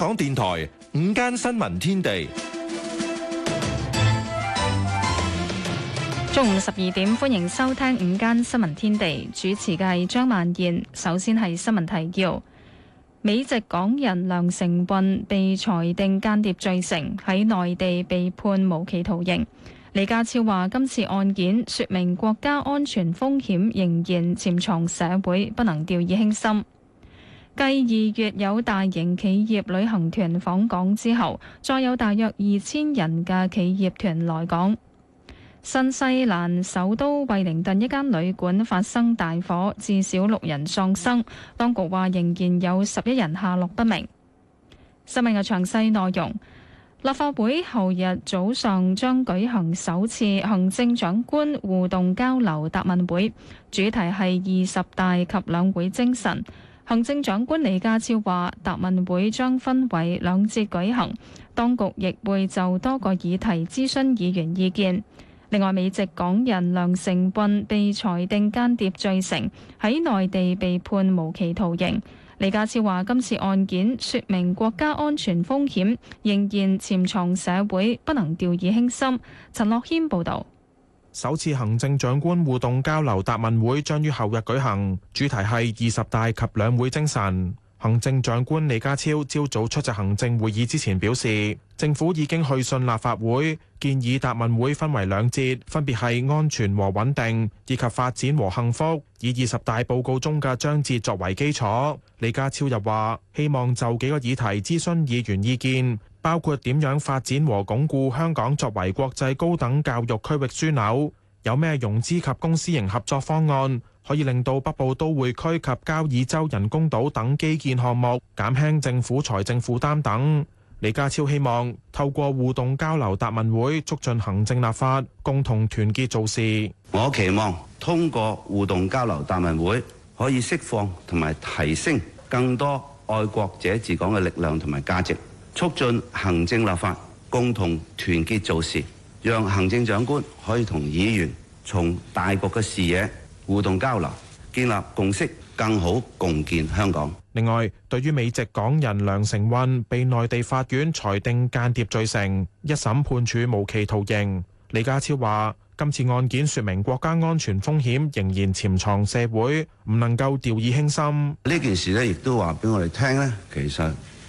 香港電台午間新聞天地，中午十二點，歡迎收聽午間新聞天地，主持嘅係張曼燕。首先係新聞提要：美籍港人梁成運被裁定間諜罪成，喺內地被判無期徒刑。李家超話，今次案件說明國家安全風險仍然潛藏社會，不能掉以輕心。繼二月有大型企業旅行團訪港之後，再有大約二千人嘅企業團來港。新西蘭首都惠靈頓一間旅館發生大火，至少六人喪生，當局話仍然有十一人下落不明。新聞嘅詳細內容，立法會後日早上將舉行首次行政長官互動交流答問會，主題係二十大及兩會精神。行政長官李家超話：答問會將分為兩節舉行，當局亦會就多個議題諮詢議員意見。另外，美籍港人梁成運被裁定間諜罪成，喺內地被判無期徒刑。李家超話：今次案件說明國家安全風險仍然潛藏社會，不能掉以輕心。陳樂軒報導。首次行政長官互動交流答問會將於後日舉行，主題係二十大及兩會精神。行政長官李家超朝早出席行政會議之前表示，政府已經去信立法會，建議答問會分為兩節，分別係安全和穩定，以及發展和幸福，以二十大報告中嘅章節作為基礎。李家超又話，希望就幾個議題諮詢議員意見。包括點樣發展和鞏固香港作為國際高等教育區域樞紐，有咩融資及公私營合作方案可以令到北部都會區及交椅洲人工島等基建項目減輕政府財政負擔等。李家超希望透過互動交流答問會，促進行政立法，共同團結做事。我期望通過互動交流答問會，可以釋放同埋提升更多愛國者治港嘅力量同埋價值。促進行政立法，共同團結做事，讓行政長官可以同議員從大局嘅視野互動交流，建立共識，更好共建香港。另外，對於美籍港人梁成運被內地法院裁定間諜罪成，一審判處無期徒刑，李家超話今次案件說明國家安全風險仍然潛藏社會，唔能夠掉以輕心。呢件事呢亦都話俾我哋聽咧，其實。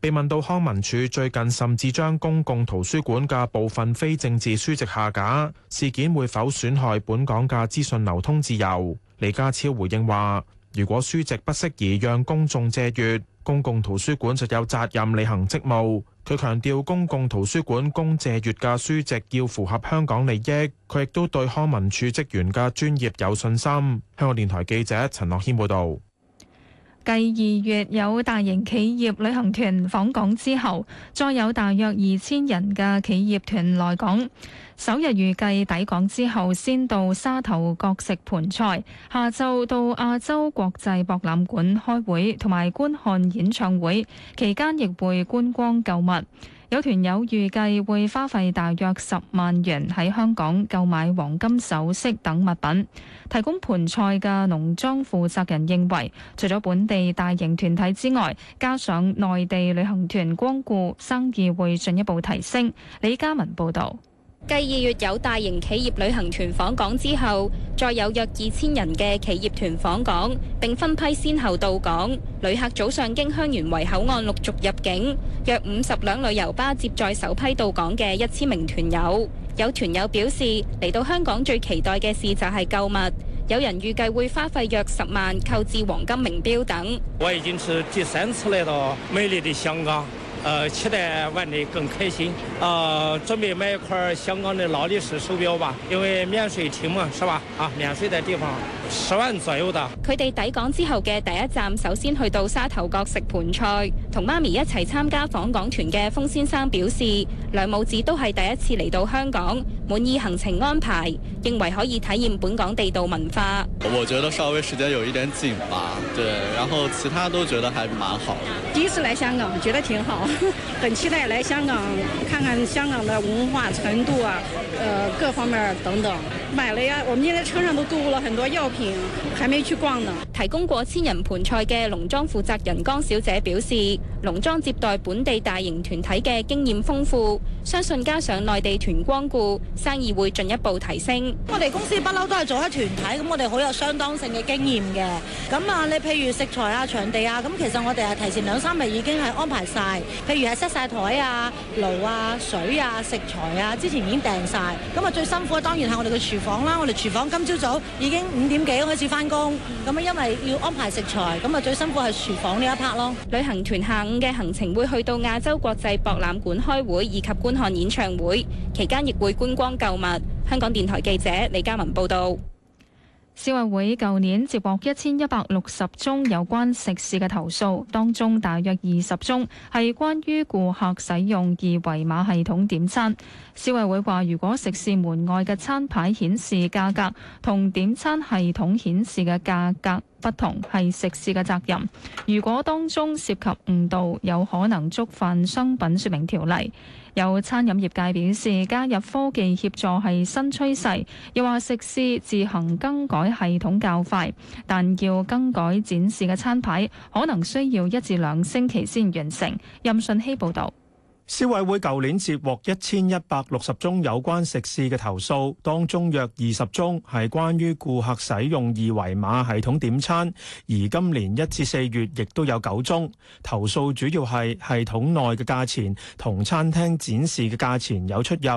被問到康文署最近甚至將公共圖書館嘅部分非政治書籍下架，事件會否損害本港嘅資訊流通自由？李家超回應話：如果書籍不適宜讓公眾借閲，公共圖書館就有責任履行職務。佢強調，公共圖書館供借閲嘅書籍要符合香港利益。佢亦都對康文署職員嘅專業有信心。香港電台記者陳樂軒報導。繼二月有大型企業旅行團訪港之後，再有大約二千人嘅企業團來港。首日預計抵港之後，先到沙頭角食盆菜，下晝到亞洲國際博覽館開會，同埋觀看演唱會，期間亦會觀光購物。有團友預計會花費大約十萬元喺香港購買黃金首飾等物品。提供盤菜嘅農莊負責人認為，除咗本地大型團體之外，加上內地旅行團光顧，生意會進一步提升。李嘉文報導。繼二月有大型企業旅行團訪港之後，再有約二千人嘅企業團訪港，並分批先後到港。旅客早上經香園圍口岸陸續入境，約五十輛旅遊巴接載首批到港嘅一千名團友。有團友表示，嚟到香港最期待嘅事就係購物，有人預計會花費約十萬購置黃金、名錶等。我已經是第三次來到美麗的香港。呃，期待玩的更開心。啊、呃，準備買一塊香港的勞力士手表吧，因為免稅廳嘛，是吧？啊，免稅的地方。佢哋抵港之後嘅第一站，首先去到沙頭角食盤菜，同媽咪一齊參加訪港團嘅封先生表示，兩母子都係第一次嚟到香港，滿意行程安排，認為可以體驗本港地道文化。我覺得稍微時間有一點緊吧，對，然後其他都覺得還蠻好。第一次來香港，覺得挺好， 很期待來香港看看香港的文化程度啊，呃，各方面等等。買了呀，我們現在車上都購物了很多藥品。係未出關啊！提供過千人盆菜嘅農莊負責人江小姐表示，農莊接待本地大型團體嘅經驗豐富。相信加上內地團光顧，生意會進一步提升。我哋公司不嬲都係做一團體，咁我哋好有相當性嘅經驗嘅。咁啊，你譬如食材啊、場地啊，咁其實我哋係提前兩三日已經係安排晒，譬如係 set 晒台啊、爐啊、水啊、食材啊，之前已經訂晒，咁啊，最辛苦當然係我哋嘅廚房啦。我哋廚房今朝早，早已經五點幾開始翻工。咁啊，因為要安排食材，咁啊最辛苦係廚房呢一 part 咯。旅行團下午嘅行程會去到亞洲國際博覽館開會以及觀。看演唱會期間，亦會觀光購物。香港電台記者李嘉文報道。消委會舊年接獲一千一百六十宗有關食肆嘅投訴，當中大約二十宗係關於顧客使用二維碼系統點餐。消委會話：如果食肆門外嘅餐牌顯示價格，同點餐系統顯示嘅價格不同，係食肆嘅責任。如果當中涉及誤導，有可能觸犯商品説明條例。有餐飲業界表示，加入科技協助係新趨勢，又話食肆自行更改系統較快，但要更改展示嘅餐牌，可能需要一至兩星期先完成。任信希報道。消委會舊年接獲一千一百六十宗有關食肆嘅投訴，當中約二十宗係關於顧客使用二維碼系統點餐，而今年一至四月亦都有九宗投訴，主要係系統內嘅價錢同餐廳展示嘅價錢有出入。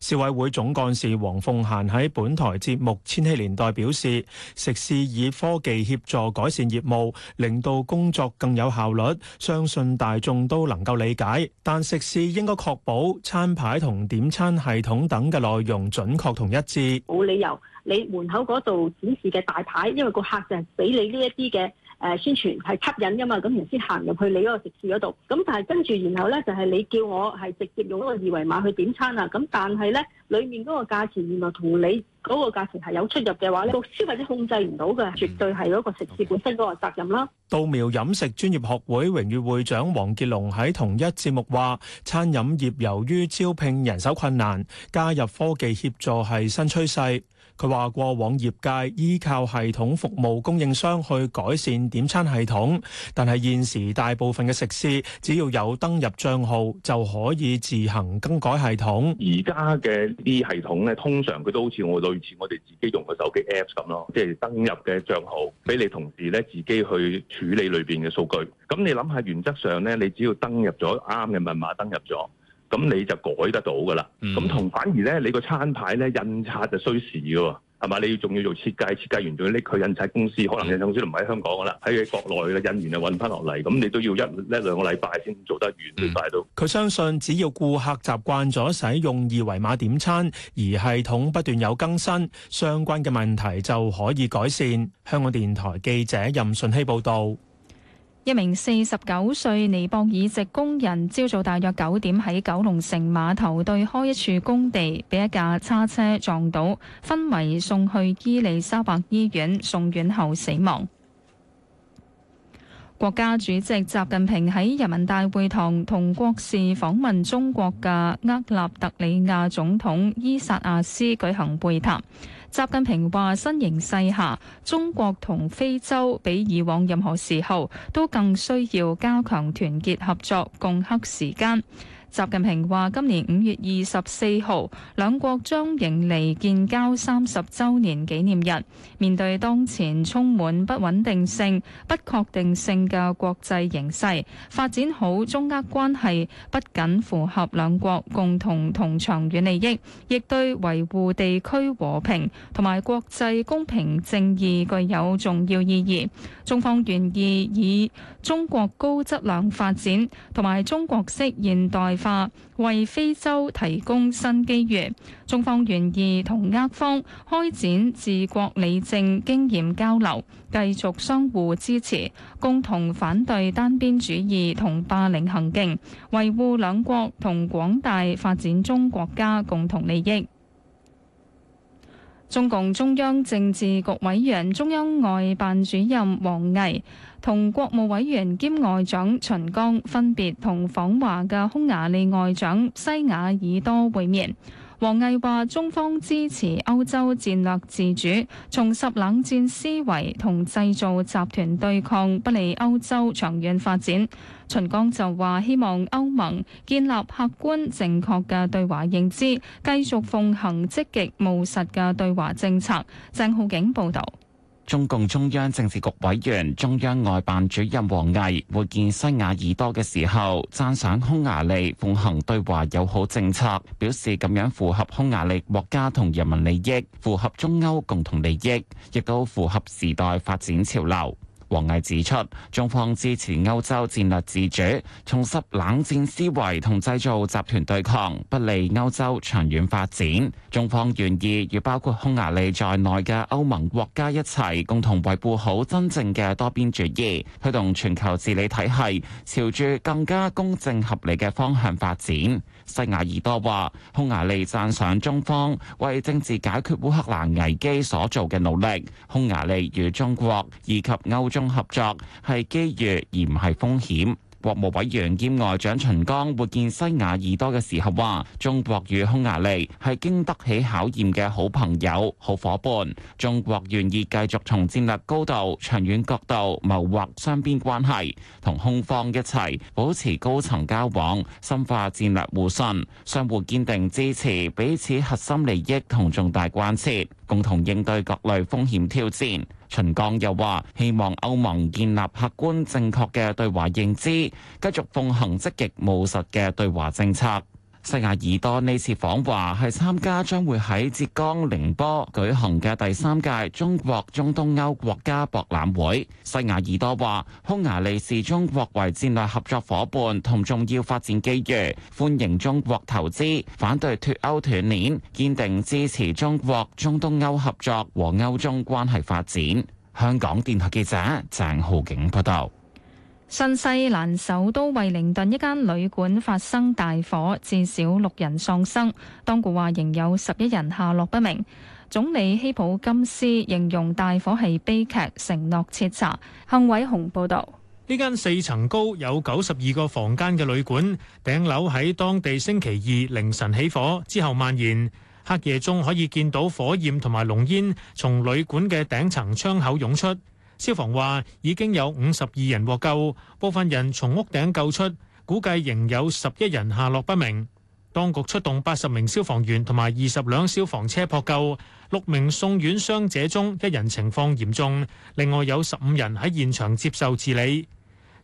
市委會總幹事黃鳳嫻喺本台節目《千禧年代》表示，食肆以科技協助改善業務，令到工作更有效率，相信大眾都能夠理解。但食肆應該確保餐牌同點餐系統等嘅內容準確同一致，冇理由你門口嗰度展示嘅大牌，因為個客就係俾你呢一啲嘅。誒、呃、宣傳係吸引㗎嘛，咁然先行入去你嗰個食肆嗰度。咁但係跟住然後咧，就係、是、你叫我係直接用嗰個二維碼去點餐啊。咁但係咧，裡面嗰個價錢原來同你嗰個價錢係有出入嘅話咧，個消費者控制唔到嘅，絕對係嗰個食肆本身嗰個責任啦。稻 Okay. 苗飲食專業學會榮譽會長黃傑龍喺同一節目話，餐飲業由於招聘人手困難，加入科技協助係新趨勢。佢話：過往業界依靠系統服務供應商去改善點餐系統，但係現時大部分嘅食肆只要有登入帳號就可以自行更改系統。而家嘅呢啲系統咧，通常佢都好似我類似我哋自己用嘅手機 Apps 咁咯，即係登入嘅帳號俾你同事咧，自己去處理裏邊嘅數據。咁你諗下原則上咧，你只要登入咗啱嘅密碼，登入咗。咁你就改得到噶啦，咁同反而咧，你個餐牌咧印刷就需時噶喎，係嘛？你要仲要做設計，設計完仲要拎去印刷公司，可能印刷公司唔喺香港噶啦，喺國內嘅印完就揾翻落嚟，咁你都要一一兩個禮拜先做得完，最快都。佢相信只要顧客習慣咗使用二維碼點餐，而系統不斷有更新，相關嘅問題就可以改善。香港電台記者任順希報導。一名四十九歲尼泊爾籍工人，朝早大約九點喺九龍城碼頭對開一處工地，俾一架叉車撞到，昏迷送去伊利沙伯醫院，送院後死亡。國家主席習近平喺人民大會堂同國事訪問中國嘅厄立特里亞總統伊薩亞斯舉行會談。習近平話：新形勢下，中國同非洲比以往任何時候都更需要加強團結合作，共克時艱。習近平話：今年五月二十四號，兩國將迎嚟建交三十周年紀念日。面對當前充滿不穩定性、不確定性嘅國際形勢，發展好中厄關係不僅符合兩國共同同長遠利益，亦對維護地區和平同埋國際公平正義具有重要意義。中方願意以中國高質量發展同埋中國式現代。為非洲提供新機遇，中方願意同厄方開展治國理政經驗交流，繼續相互支持，共同反對單邊主義同霸凌行徑，維護兩國同廣大發展中國家共同利益。中共中央政治局委員、中央外辦主任王毅同國務委員兼外長秦剛分別同訪華嘅匈牙利外長西雅爾多會面。王毅話：中方支持歐洲戰略自主，重拾冷戰思維同製造集團對抗，不利歐洲長遠發展。秦剛就話：希望歐盟建立客觀正確嘅對華認知，繼續奉行積極務實嘅對華政策。鄭浩景報導。中共中央政治局委員、中央外辦主任王毅會見西雅爾多嘅時候，讚賞匈牙利奉行對華友好政策，表示咁樣符合匈牙利國家同人民利益，符合中歐共同利益，亦都符合時代發展潮流。王毅指出，中方支持歐洲戰略自主，重拾冷戰思維同製造集團對抗，不利歐洲長遠發展。中方願意與包括匈牙利在內嘅歐盟國家一齊，共同維護好真正嘅多邊主義，推動全球治理體系朝住更加公正合理嘅方向發展。西雅爾多話：匈牙利讚賞中方為政治解決烏克蘭危機所做嘅努力。匈牙利與中國以及歐中。合作係機遇而唔係風險。國務委員兼外長秦剛會見西雅爾多嘅時候話：中國與匈牙利係經得起考驗嘅好朋友、好伙伴。中國願意繼續從戰略高度、長遠角度謀劃雙邊關係，同匈方一齊保持高層交往，深化戰略互信，相互堅定支持彼此核心利益同重大關切，共同應對各類風險挑戰。秦剛又話：希望歐盟建立客觀正確嘅對華認知，繼續奉行積極務實嘅對華政策。西雅爾多呢次訪華係參加將會喺浙江寧波舉行嘅第三屆中國中東歐國家博覽會。西雅爾多話：匈牙利視中國為戰略合作伙伴同重要發展機遇，歡迎中國投資，反對脫歐斷鏈，堅定支持中國中東歐合作和歐中關係發展。香港電台記者鄭浩景報道。新西蘭首都惠靈頓一間旅館發生大火，至少六人喪生。當局話仍有十一人下落不明。總理希普金斯形容大火係悲劇，承諾徹查。幸偉雄報道：呢間四層高、有九十二個房間嘅旅館，頂樓喺當地星期二凌晨起火，之後蔓延。黑夜中可以見到火焰同埋濃煙從旅館嘅頂層窗口湧出。消防話已經有五十二人獲救，部分人從屋頂救出，估計仍有十一人下落不明。當局出動八十名消防員同埋二十輛消防車撲救，六名送院傷者中一人情況嚴重，另外有十五人喺現場接受治理。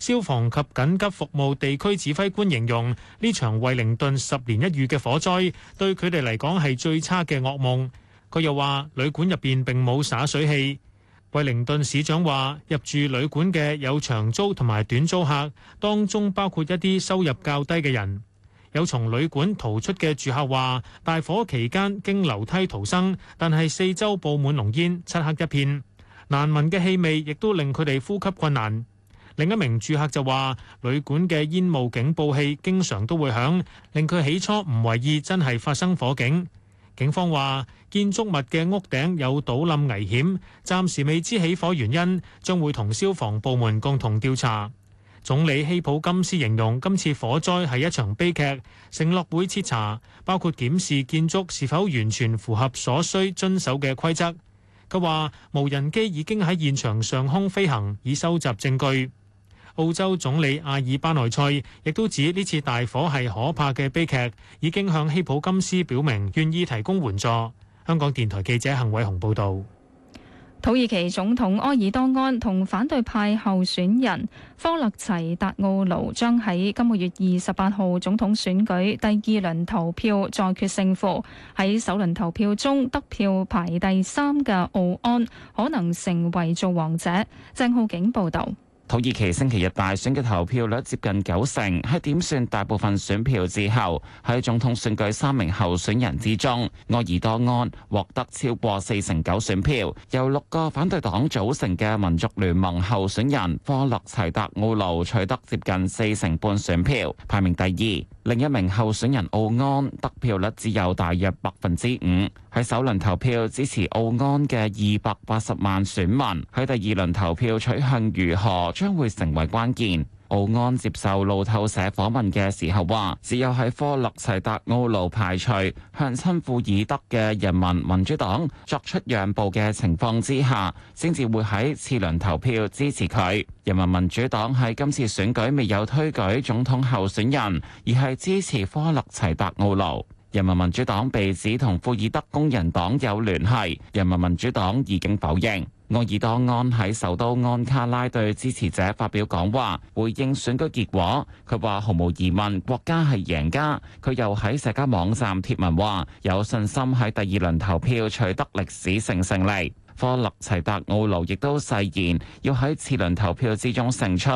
消防及緊急服務地區指揮官形容呢場惠靈頓十年一遇嘅火災對佢哋嚟講係最差嘅噩夢。佢又話：旅館入邊並冇灑水器。惠靈頓市長話：入住旅館嘅有長租同埋短租客，當中包括一啲收入較低嘅人。有從旅館逃出嘅住客話：大火期間經樓梯逃生，但係四周布滿濃煙，漆黑一片，難聞嘅氣味亦都令佢哋呼吸困難。另一名住客就話：旅館嘅煙霧警報器經常都會響，令佢起初唔為意真係發生火警。警方話：建築物嘅屋頂有倒冧危險，暫時未知起火原因，將會同消防部門共同調查。總理希普金斯形容今次火災係一場悲劇，承諾會徹查，包括檢視建築是否完全符合所需遵守嘅規則。佢話：無人機已經喺現場上空飛行，已收集證據。澳洲總理阿爾巴內塞亦都指呢次大火係可怕嘅悲劇，已經向希普金斯表明願意提供援助。香港電台記者陳偉雄報導。土耳其總統埃爾多安同反對派候選人科勒齊達奧盧將喺今個月二十八號總統選舉第二輪投票再決勝負。喺首輪投票中得票排第三嘅奧安可能成為造王者。鄭浩景報導。土耳其星期日大選嘅投票率接近九成，喺點算大部分選票之後，喺總統選舉三名候選人之中，埃爾多安獲得超過四成九選票，由六個反對黨組成嘅民族聯盟候選人科勒齊達奧盧取得接近四成半選票，排名第二。另一名候選人奧安得票率只有大約百分之五。喺首輪投票支持奧安嘅二百八十萬選民，喺第二輪投票取向如何？將會成為關鍵。奧安接受路透社訪問嘅時候話，只有喺科勒齊達奧路排除向親庫爾德嘅人民民主黨作出讓步嘅情況之下，先至會喺次輪投票支持佢。人民民主黨喺今次選舉未有推舉總統候選人，而係支持科勒齊達奧路。人民民主黨被指同庫爾德工人黨有聯繫，人民民主黨已經否認。埃爾多安喺首都安卡拉對支持者發表講話，回應選舉結果。佢話毫無疑問，國家係贏家。佢又喺社交網站貼文話，有信心喺第二輪投票取得歷史性勝，勝利。科勒齊達奧盧亦都誓言要喺次輪投票之中勝出。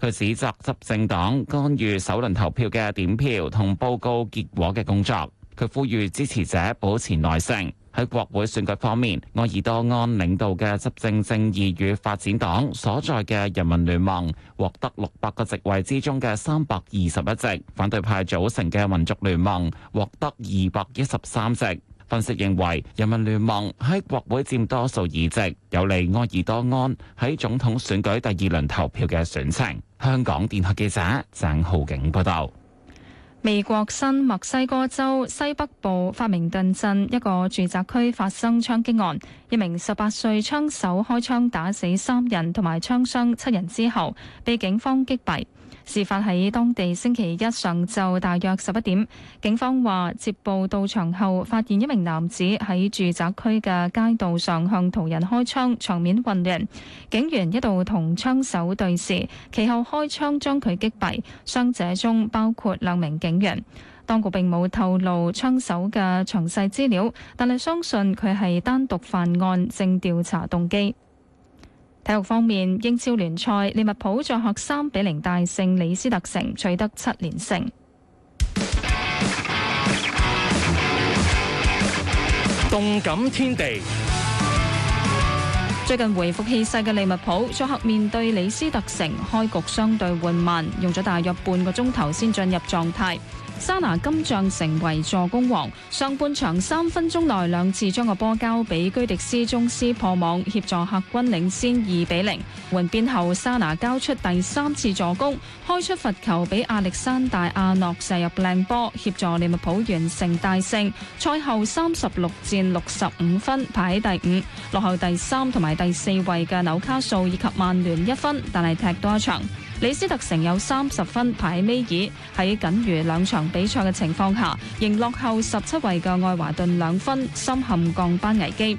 佢指責執政黨干預首輪投票嘅點票同報告結果嘅工作。佢呼籲支持者保持耐性。喺國會選舉方面，埃爾多安領導嘅執政正義與發展黨所在嘅人民聯盟獲得六百個席位之中嘅三百二十一席，反對派組成嘅民族聯盟獲得二百一十三席。分析認為，人民聯盟喺國會佔多數議席，有利埃爾多安喺總統選舉第二輪投票嘅選情。香港電台記者鄭浩景報道。美國新墨西哥州西北部法明頓鎮一個住宅區發生槍擊案，一名十八歲槍手開槍打死三人同埋槍傷七人之後，被警方擊斃。事發喺當地星期一上晝，大約十一點。警方話接報到場後，發現一名男子喺住宅區嘅街道上向途人開槍，場面混亂。警員一度同槍手對峙，其後開槍將佢擊斃。傷者中包括兩名警員。當局並冇透露槍手嘅詳細資料，但係相信佢係單獨犯案，正調查動機。體育方面，英超聯賽利物浦作客三比零大勝李斯特城，取得七連勝。動感天地最近回復氣勢嘅利物浦作客面對李斯特城，開局相對緩慢，用咗大約半個鐘頭先進入狀態。沙拿今仗成為助攻王，上半場三分鐘內兩次將個波交俾居迪斯鍾斯破網，協助客軍領先二比零。換邊後，沙拿交出第三次助攻，開出罰球俾亞歷山大阿諾射入靚波，協助利物浦完成大勝。賽後三十六戰六十五分，排喺第五，落後第三同埋第四位嘅紐卡素以及曼聯一分，但係踢多一場。李斯特城有三十分排喺尾二，喺僅餘兩場比賽嘅情況下，仍落後十七位嘅愛華頓兩分，深陷降班危機。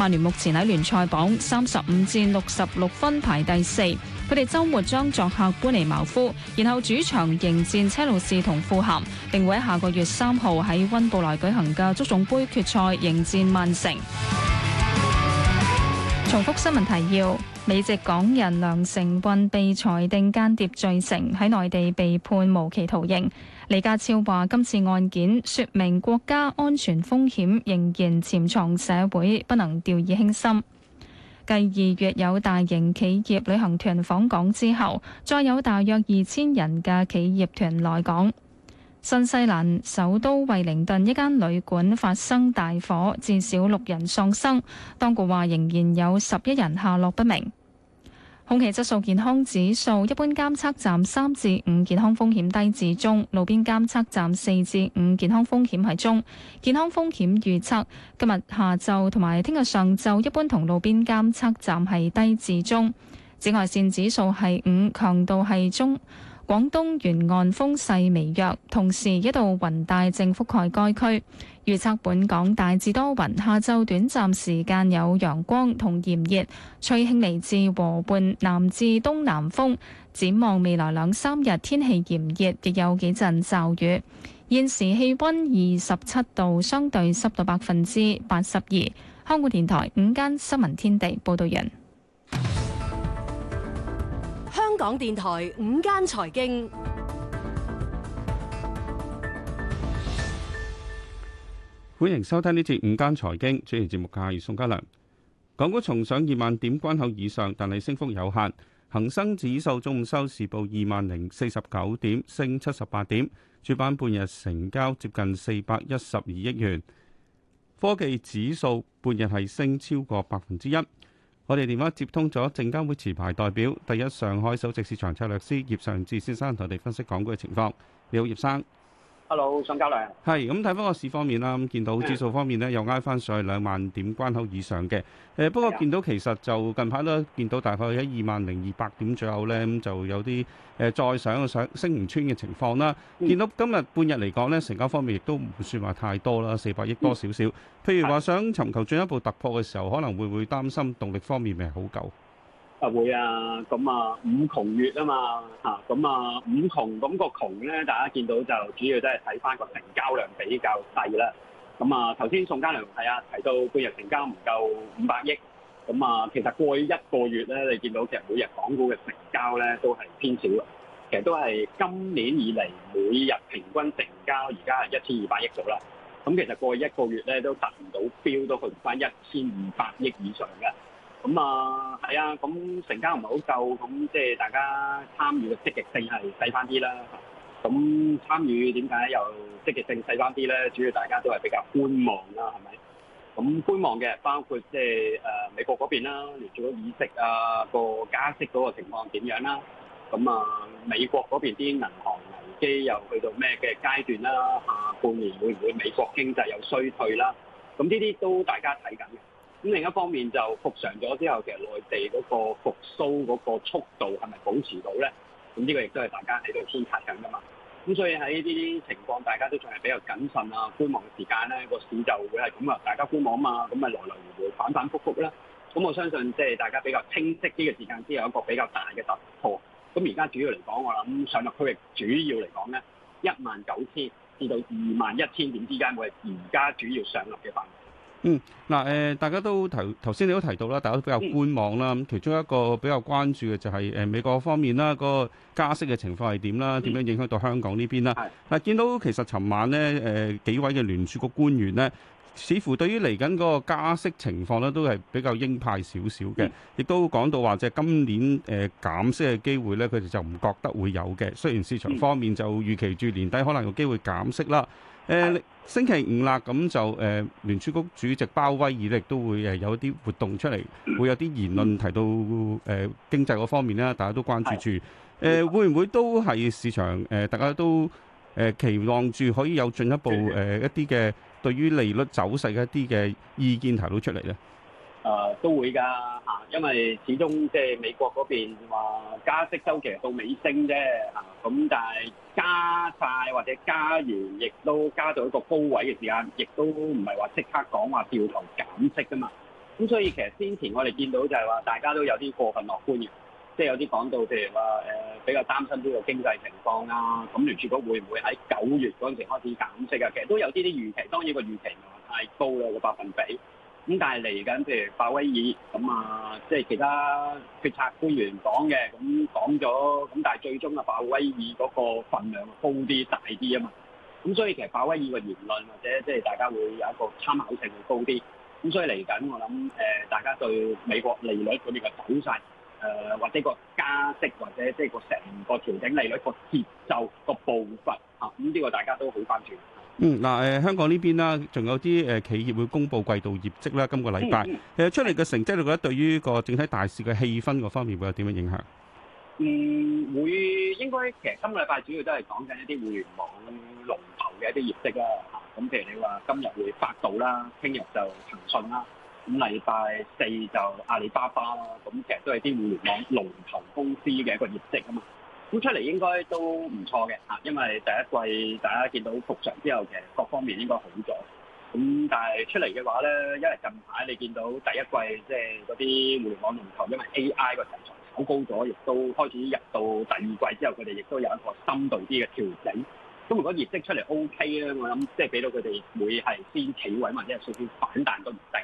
曼聯目前喺聯賽榜三十五至六十六分排第四，佢哋周末將作客般尼茅夫，然後主場迎戰車路士同富咸，並會喺下個月三號喺溫布萊舉行嘅足總盃決賽迎戰曼城。重複新聞提要：美籍港人梁成運被裁定間諜罪成，喺內地被判無期徒刑。李家超話：今次案件說明國家安全風險仍然潛藏社會，不能掉以輕心。繼二月有大型企業旅行團訪港之後，再有大約二千人嘅企業團來港。新西蘭首都惠靈頓一間旅館發生大火，至少六人喪生。當局話仍然有十一人下落不明。空氣質素健康指數，一般監測站三至五，健康風險低至中；路邊監測站四至五，健康風險係中。健康風險預測今日下晝同埋聽日上晝，一般同路邊監測站係低至中。紫外線指數係五，強度係中。廣東沿岸風勢微弱，同時一道雲帶正覆蓋該區。預測本港大致多雲，下晝短暫時間有陽光同炎熱，吹輕微至和緩南至東南風。展望未來兩三日天氣炎熱，亦有幾陣驟雨。現時氣温二十七度，相對濕度百分之八十二。香港電台午間新聞天地報道人，香港電台午間財經。歡迎收聽呢次午間財經，主持節目嘅係宋家良。港股重上二萬點關口以上，但係升幅有限。恒生指數中午收市報二萬零四十九點，升七十八點。主板半日成交接近四百一十二億元。科技指數半日係升超過百分之一。我哋電話接通咗證監會持牌代表、第一上海首席市場策略師葉尚志先生，同你分析港股嘅情況。你好，葉生。hello，沈嘉良。啊，係咁睇翻個市方面啦，咁見到指數方面呢，又挨翻上去兩萬點關口以上嘅。誒不過見到其實就近排啦，見到大概喺二萬零二百點左右呢，咁就有啲誒再上上升唔穿嘅情況啦。見到今日半日嚟講呢，成交方面亦都唔算話太多啦，四百億多少少。嗯、譬如話想尋求進一步突破嘅時候，可能會唔會擔心動力方面未係好夠？啊會啊，咁啊五窮月啊嘛，嚇咁啊五窮，咁個窮咧，大家見到就主要都係睇翻個成交量比較低啦。咁啊頭先宋嘉良係啊提到每日成交唔夠五百億，咁啊其實過去一個月咧，你見到其實每日港股嘅成交咧都係偏少，其實都係今年以嚟每日平均成交而家係一千二百億到啦。咁其實過去一個月咧都達唔到標，都去唔翻一千五百億以上嘅。咁、嗯、啊，係、嗯、啊，咁成交唔係好夠，咁即係大家參與嘅積極性係細翻啲啦。咁、嗯、參與點解又積極性細翻啲咧？主要大家都係比較觀望啦，係咪？咁、嗯、觀望嘅，包括即係誒美國嗰邊啦，連住個議息啊個加息嗰個情況點樣啦。咁啊，美國嗰邊啲、啊嗯嗯、銀行危機又去到咩嘅階段啦？下半年會唔會美國經濟又衰退啦？咁呢啲都大家睇緊。咁另一方面就復常咗之後，其實內地嗰個復甦嗰個速度係咪保持到咧？咁呢個亦都係大家喺度觀察緊噶嘛。咁所以喺呢啲情況，大家都仲係比較謹慎啊，觀望時間咧，個市就會係咁啊，大家觀望啊嘛，咁咪來來回回反反覆覆啦。咁我相信即係大家比較清晰啲嘅時間先有一個比較大嘅突破。咁而家主要嚟講，我諗上落區域主要嚟講咧，一萬九千至到二萬一千點之間，會係而家主要上落嘅範圍。嗯，嗱，誒，大家都頭頭先你都提到啦，大家都比較觀望啦。咁、嗯、其中一個比較關注嘅就係誒美國方面啦，個加息嘅情況係點啦，點樣影響到香港呢邊啦？嗱、嗯，見到其實尋晚呢，誒幾位嘅聯儲局官員呢。似乎對於嚟緊嗰個加息情況咧，都係比較鷹派少少嘅，亦、嗯、都講到話即係今年誒減、呃、息嘅機會呢，佢哋就唔覺得會有嘅。雖然市場方面就預期住年底可能有機會減息啦。誒、呃嗯、星期五啦，咁就誒聯儲局主席鮑威爾亦都會誒有啲活動出嚟，會有啲言論提到誒、呃、經濟嗰方面啦，大家都關注住。誒、嗯、會唔會都係市場誒、呃、大家都期望住可以有進一步誒一啲嘅？呃對於利率走勢嘅一啲嘅意見提到出嚟咧，誒、啊、都會噶嚇、啊，因為始終即係美國嗰邊話加息周期到尾聲啫，嚇、啊、咁但係加曬或者加完，亦都加到一個高位嘅時間，亦都唔係話即刻講話調頭減息噶嘛，咁所以其實先前我哋見到就係話大家都有啲過分樂觀嘅。即係有啲講到，譬如話誒比較擔心呢個經濟情況啊，咁聯儲局會唔會喺九月嗰陣時開始減息啊？其實都有啲啲預期，當然個預期唔係話太高啦個百分比。咁但係嚟緊，譬如鮑威爾咁啊，即係其他決策官員講嘅，咁講咗，咁但係最終啊，鮑威爾嗰個份量高啲大啲啊嘛。咁所以其實鮑威爾嘅言論或者即係大家會有一個參考性會高啲。咁所以嚟緊，我諗誒大家對美國利率嗰邊嘅走勢。誒、呃、或者個加息或者即係個成個調整利率個節奏、那個步伐嚇，咁呢個大家都好關注。嗯，嗱、呃、誒，香港呢邊啦，仲有啲誒企業會公布季度業績啦。今個禮拜誒、嗯、出嚟嘅成績，你覺得對於個整體大市嘅氣氛嗰方面會有點樣影響？嗯，會應該其實今個禮拜主要都係講緊一啲互聯網龍頭嘅一啲業績啦。咁、啊、譬、嗯、如你話今日會百度啦，聽日就騰訊啦。咁禮拜四就阿里巴巴啦，咁其實都係啲互聯網龍頭公司嘅一個業績啊嘛，咁出嚟應該都唔錯嘅嚇，因為第一季大家見到復常之後，其實各方面應該好咗。咁但係出嚟嘅話咧，因為近排你見到第一季即係嗰啲互聯網龍頭，因為 AI 個題材炒高咗，亦都開始入到第二季之後，佢哋亦都有一個深度啲嘅調整。咁如果業績出嚟 OK 咧，我諗即係俾到佢哋會係先企位，或者係率先反彈都唔定。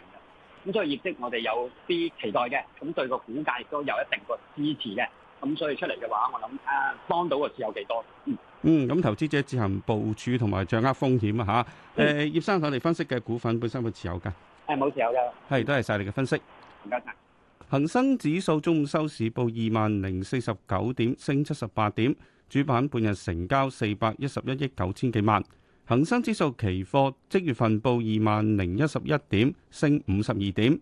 咁所以業績我哋有啲期待嘅，咁對個股價亦都有一定個支持嘅，咁所以出嚟嘅話，我諗啊幫到個市有幾多？嗯。嗯，咁投資者自行部署同埋掌握風險啊嚇。誒、嗯欸，葉生我哋分析嘅股份本身有冇持有㗎？係冇、啊、持有嘅。係，多謝晒你嘅分析。唔該晒。恒生指數中午收市報二萬零四十九點，升七十八點，主板半日成交四百一十一億九千幾萬。恒生指數期貨即月份報二萬零一十一點，升五十二點。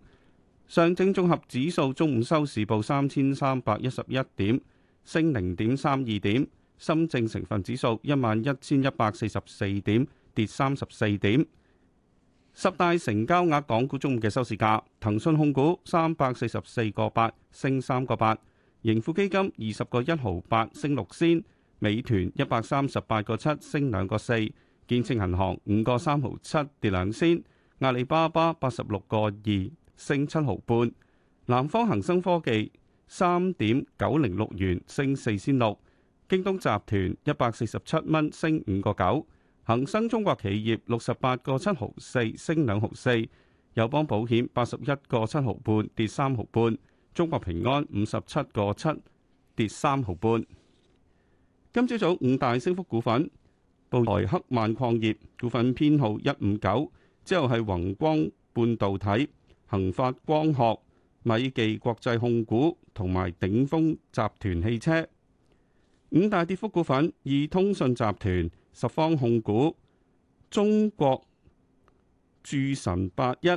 上證綜合指數中午收市報三千三百一十一點，升零點三二點。深證成分指數一萬一千一百四十四點，跌三十四點。十大成交額港股中午嘅收市價：騰訊控股三百四十四個八，升三個八；盈富基金二十個一毫八，升六仙；美團一百三十八個七，升兩個四。建設銀行五個三毫七跌兩仙，阿里巴巴八十六個二升七毫半，南方恒生科技三點九零六元升四仙六，京東集團一百四十七蚊升五個九，恒生中國企業六十八個七毫四升兩毫四，友邦保險八十一個七毫半跌三毫半，中國平安五十七個七跌三毫半。今朝早五大升幅股份。布萊克曼礦業股份編號一五九，之後係宏光半導體、恒發光學、米技國際控股同埋鼎豐集團汽車五大跌幅股份，以通訊集團、十方控股、中國鑄神八一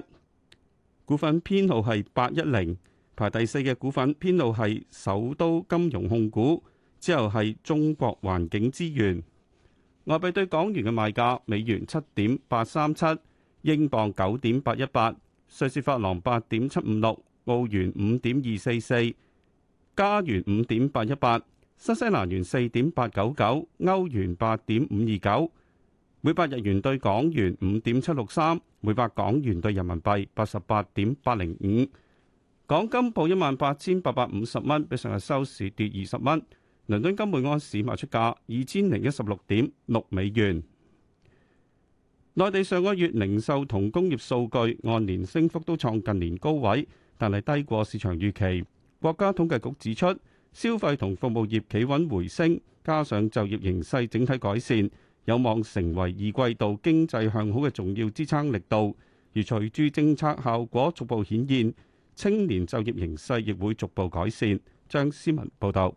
股份編號係八一零，排第四嘅股份編號係首都金融控股，之後係中國環境資源。外幣對港元嘅賣價：美元七點八三七，英鎊九點八一八，瑞士法郎八點七五六，澳元五點二四四，加元五點八一八，新西蘭元四點八九九，歐元八點五二九，每百日元對港元五點七六三，每百港元對人民幣八十八點八零五。港金報一萬八千八百五十蚊，比上日收市跌二十蚊。倫敦金每盎司賣出價二千零一十六點六美元。內地上個月零售同工業數據按年升幅都創近年高位，但係低過市場預期。國家統計局指出，消費同服務業企穩回升，加上就業形勢整體改善，有望成為二季度經濟向好嘅重要支撐力度。而隨住政策效果逐步顯現，青年就業形勢亦會逐步改善。張思文報道。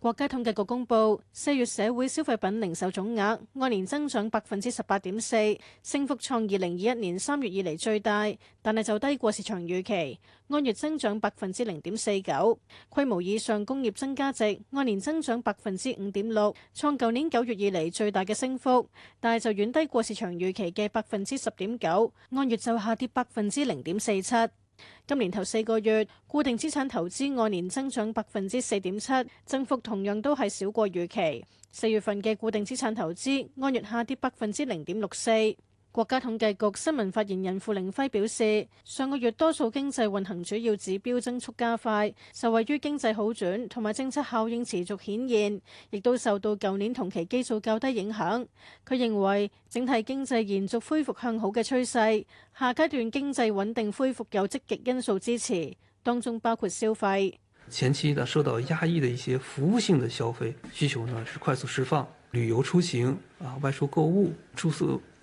國家統計局公布，四月社會消費品零售總額按年增長百分之十八點四，升幅創二零二一年三月以嚟最大，但係就低過市場預期，按月增長百分之零點四九。規模以上工業增加值按年增長百分之五點六，創舊年九月以嚟最大嘅升幅，但係就遠低過市場預期嘅百分之十點九，按月就下跌百分之零點四七。今年頭四個月，固定資產投資按年增長百分之四點七，增幅同樣都係少過預期。四月份嘅固定資產投資按月下跌百分之零點六四。國家統計局新聞發言人付凌暉表示，上個月多數經濟運行主要指標增速加快，受惠於經濟好轉同埋政策效應持續顯現，亦都受到舊年同期基數較低影響。佢認為整體經濟延續恢復向好嘅趨勢，下階段經濟穩定恢復有積極因素支持，當中包括消費。前期呢受到壓抑的一些服務性的消費需求呢是快速釋放，旅遊出行啊外出購物住宿，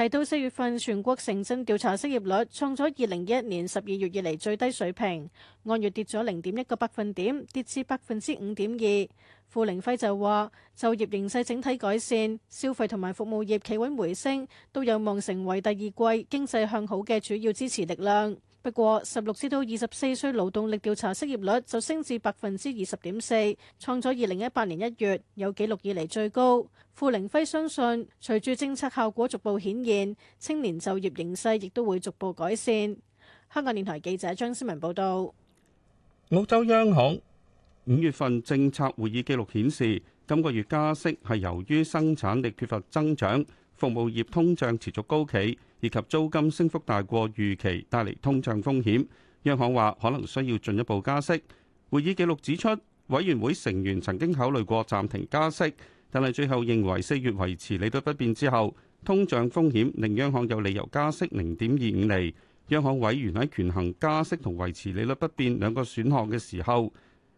提到四月份全國城鎮調查失業率創咗二零一一年十二月以嚟最低水平，按月跌咗零點一個百分點，跌至百分之五點二。傅凌輝就話，就業形勢整體改善，消費同埋服務業企穩回升，都有望成為第二季經濟向好嘅主要支持力量。不過，十六至到二十四歲勞動力調查失業率就升至百分之二十點四，創咗二零一八年一月有記錄以嚟最高。傅凌輝相信，隨住政策效果逐步顯現，青年就業形勢亦都會逐步改善。香港電台記者張思文報道。澳洲央行五月份政策會議記錄顯示，今個月加息係由於生產力缺乏增長，服務業通脹持續高企。以及租金升幅大過預期，帶嚟通脹風險，央行話可能需要進一步加息。會議記錄指出，委員會成員曾經考慮過暫停加息，但係最後認為四月維持利率不變之後通脹風險令央行有理由加息零點二五厘，央行委員喺權衡加息同維持利率不變兩個選項嘅時候，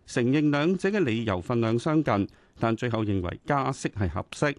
承認兩者嘅理由分量相近，但最後認為加息係合適。